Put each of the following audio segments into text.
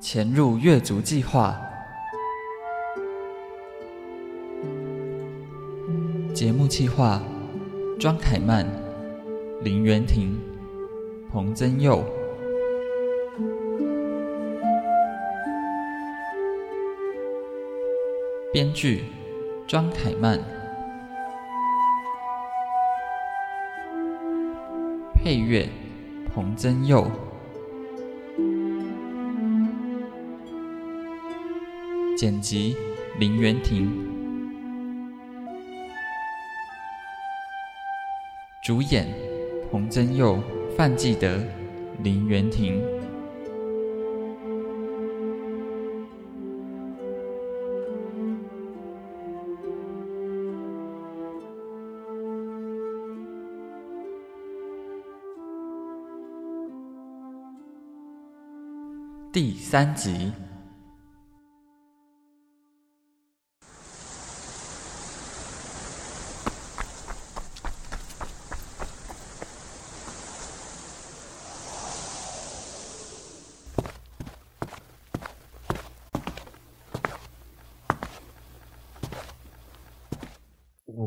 潛入月族計劃。節目計劃：莊凱曼、林元廷、彭增佑。編劇：莊凱曼。配樂：彭增佑。剪輯林元廷，主演洪真佑、范記得、林元廷，第三集。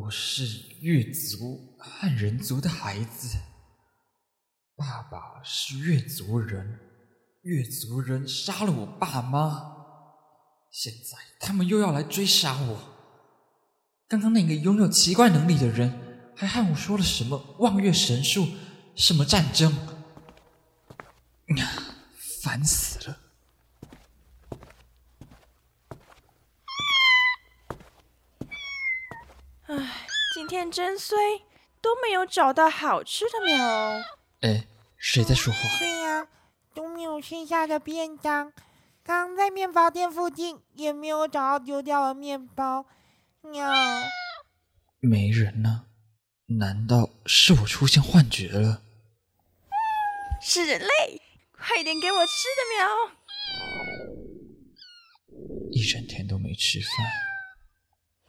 我是月族和人族的孩子，爸爸是月族人，月族人殺了我爸媽，現在他們又要來追殺我。剛剛那個擁有奇怪能力的人，還和我說了什麼“望月神樹”什麼戰爭，嗯，煩死了。認真雖都沒有找到好吃的喵。哎，誰在說話？嗯、對呀、啊，都沒有剩下的便當，剛在麵包店附近也沒有找到丟掉的麵包，喵。沒人呢？難道是我出現幻覺了？是人類，快點給我吃的喵！一整天都沒吃飯，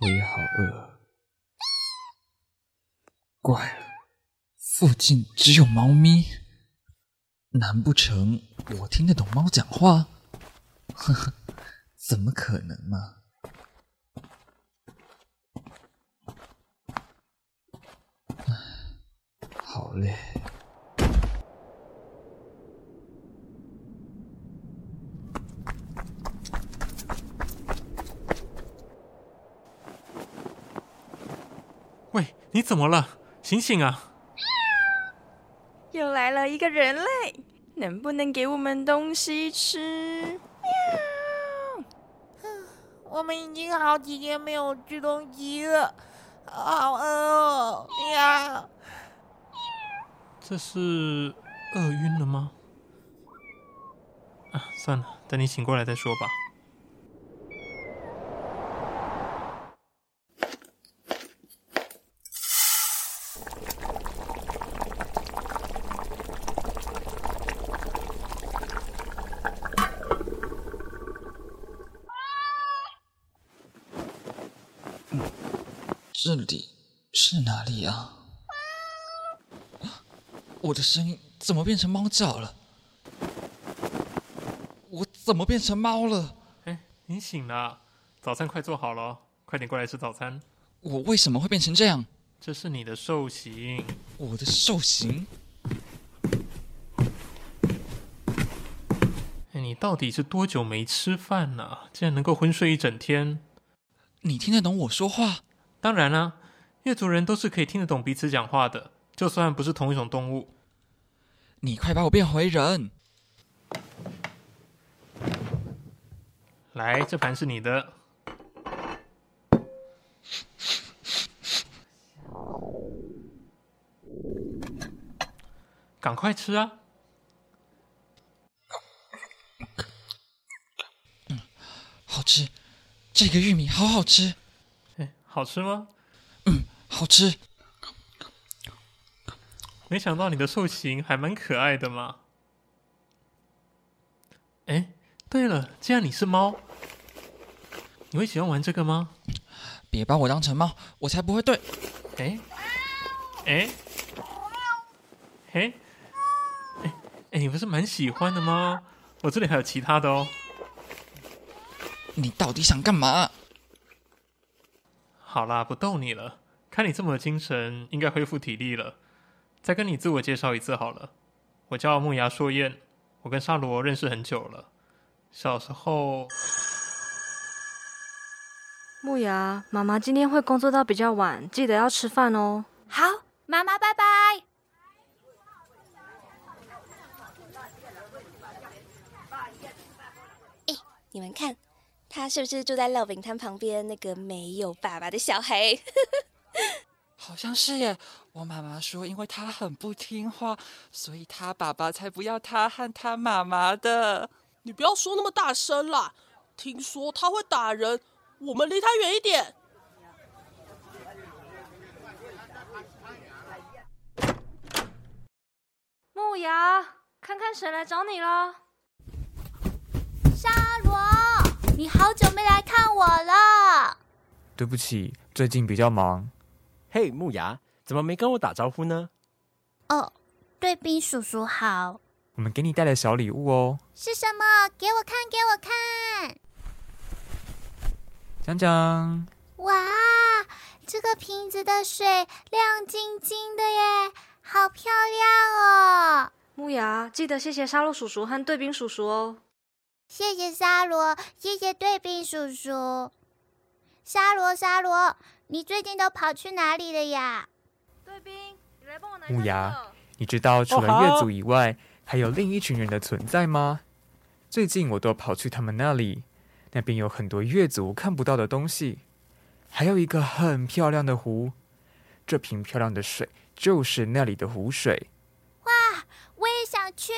我也好餓。怪了，附近只有貓咪，難不成我聽得懂貓講話？呵呵，怎麼可能嘛！唉，好嘞。喂，你怎麼了？醒醒啊！又來了一個人類，能不能給我們東西吃？喵、呃呃！我們已經好幾天沒有吃東西了，哦、好餓、哦！喵、呃！這是餓暈了嗎？啊，算了，等你醒過來再說吧。這裡是哪裡啊？我的聲音怎麼變成貓叫了？我怎麼變成貓了？哎，你醒了，早餐快做好了，快點過來吃早餐。我為什麼會變成這樣？這是你的獸形，我的獸形？哎，你到底是多久沒吃飯了、啊？竟然能夠昏睡一整天？你聽得懂我說話？當然啦、啊，月族人都是可以聽得懂彼此講話的，就算不是同一種動物。你快把我變回人！來，這盤是你的， 趕快吃啊！嗯，好吃，這個玉米好好吃。好吃嗎？嗯，好吃。沒想到你的獸型還蠻可愛的嘛。哎，對了，既然你是貓，你會喜歡玩這個嗎？別把我當成貓，我才不會對。哎，哎，哎，哎，哎，你不是蠻喜歡的嗎？我這裡還有其他的哦。你到底想幹嘛？好啦，不逗你了。看你這麼精神，應該恢復體力了。再跟你自我介紹一次好了。我叫慕牙碩彥，我跟沙羅認識很久了。小時候，慕牙媽媽今天會工作到比較晚，記得要吃飯哦。好，媽媽拜拜。哎，你們看。.他是不是住在烙餅攤旁邊那個沒有爸爸的小黑？ 好像是耶。我媽媽說，因為他很不聽話，所以他爸爸才不要他和他媽媽的。你不要說那麼大聲啦！聽說他會打人，我們離他遠一點。慕牙，看看誰來找你嘍！你好久沒來看我了。對不起，最近比較忙。嘿、hey，慕牙，怎麼沒跟我打招呼呢？哦，對冰叔叔好。我們給你帶了小禮物哦。是什麼？給我看，給我看。講講。哇，這個瓶子的水亮晶晶的耶，好漂亮哦。慕牙，記得謝謝沙洛叔叔和對冰叔叔哦。謝謝沙羅，謝謝對兵叔叔。沙羅，沙羅，你最近都跑去哪裡了呀？對兵，你來幫我拿吃的。慕牙，你知道除了月族以外，哦，還有另一群人的存在嗎？最近我都跑去他們那裡，那邊有很多月族看不到的東西，還有一個很漂亮的湖。這瓶漂亮的水就是那裡的湖水。哇，我也想去。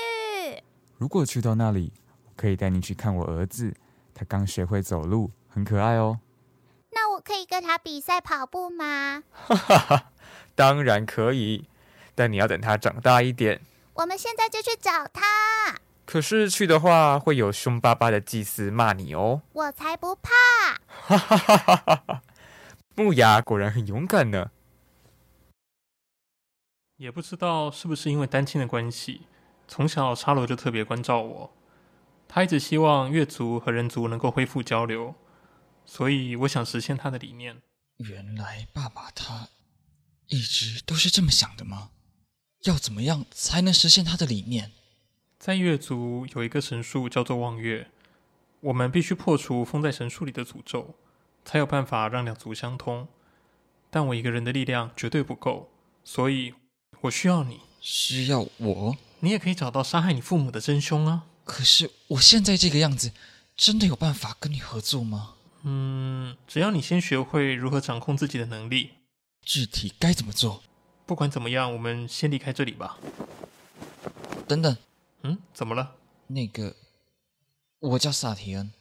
如果去到那裡，可以帶你去看我兒子，他剛學會走路，很可愛哦。那我可以跟他比賽跑步嗎？哈哈哈，當然可以，但你要等他長大一點。我們現在就去找他。可是去的話會有兇巴巴的祭司罵你哦。我才不怕！哈哈哈哈哈哈，慕牙果然很勇敢呢。也不知道是不是因為單親的關係，從小沙羅就特別關照我。他一直希望月族和人族能夠恢復交流，所以我想實現他的理念。原來爸爸他一直都是這麼想的嗎？要怎麼樣才能實現他的理念？在月族有一個神樹叫做望月，我們必須破除封在神樹裡的詛咒，才有辦法讓兩族相通。但我一個人的力量絕對不夠，所以我需要你。需要我？你也可以找到殺害你父母的真兇啊！可是我現在這個樣子，真的有辦法跟你合作嗎？嗯，只要你先學會如何掌控自己的能力。具體該怎麼做？不管怎麼樣，我們先離開這裡吧。等等。嗯，怎麼了？那個，我叫薩提恩。